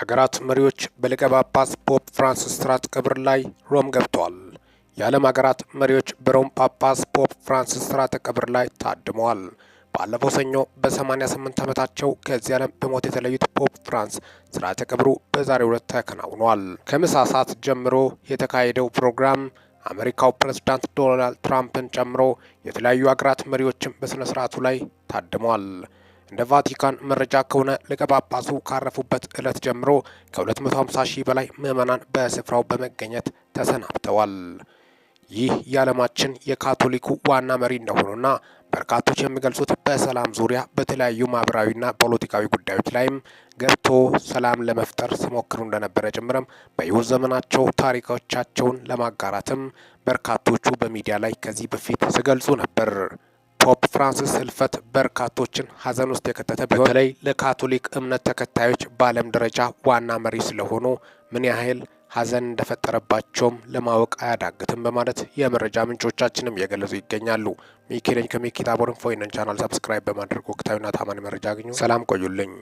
የሀገራት መሪዎች በሊቀ ጳጳስ ፖፕ ፍራንሲስ ስርዓተ ቀብር ላይ ሮም ገብተዋል። የዓለም ሀገራት መሪዎች በሮም ጳጳስ ፖፕ ፍራንሲስ ስርዓተ ቀብር ላይ ታድመዋል። ባለፈው ሰኞ በ88 ዓመታቸው ከዚህ ዓለም በሞት የተለዩት ፖፕ ፍራንስ ስርዓተ ቀብሩ በዛሬው ዕለት ተከናውኗል። ከምሳ ሰዓት ጀምሮ የተካሄደው ፕሮግራም አሜሪካው ፕሬዝዳንት ዶናልድ ትራምፕን ጨምሮ የተለያዩ ሀገራት መሪዎችም በሥነ ሥርዓቱ ላይ ታድመዋል። እንደ ቫቲካን መረጃ ከሆነ ሊቀ ጳጳሱ ካረፉበት ዕለት ጀምሮ ከ250 ሺህ በላይ ምዕመናን በስፍራው በመገኘት ተሰናብተዋል። ይህ የዓለማችን የካቶሊኩ ዋና መሪ እንደሆኑና በርካቶች የሚገልጹት በሰላም ዙሪያ በተለያዩ ማህበራዊና ፖለቲካዊ ጉዳዮች ላይም ገብቶ ሰላም ለመፍጠር ሲሞክሩ እንደነበረ ጭምርም በሕይወት ዘመናቸው ታሪኮቻቸውን ለማጋራትም በርካቶቹ በሚዲያ ላይ ከዚህ በፊት ሲገልጹ ነበር። ፖፕ ፍራንሲስ ህልፈት በርካቶችን ሀዘን ውስጥ የከተተ በተለይ ለካቶሊክ እምነት ተከታዮች በዓለም ደረጃ ዋና መሪ ስለሆኑ ምን ያህል ሀዘን እንደፈጠረባቸውም ለማወቅ አያዳግትም በማለት የመረጃ ምንጮቻችንም እየገለጹ ይገኛሉ። ሚኪ ነኝ ከሚኪ ቻናል ሰብስክራይብ በማድረግ ወቅታዊና ታማኝ መረጃ አግኙ። ሰላም ቆዩልኝ።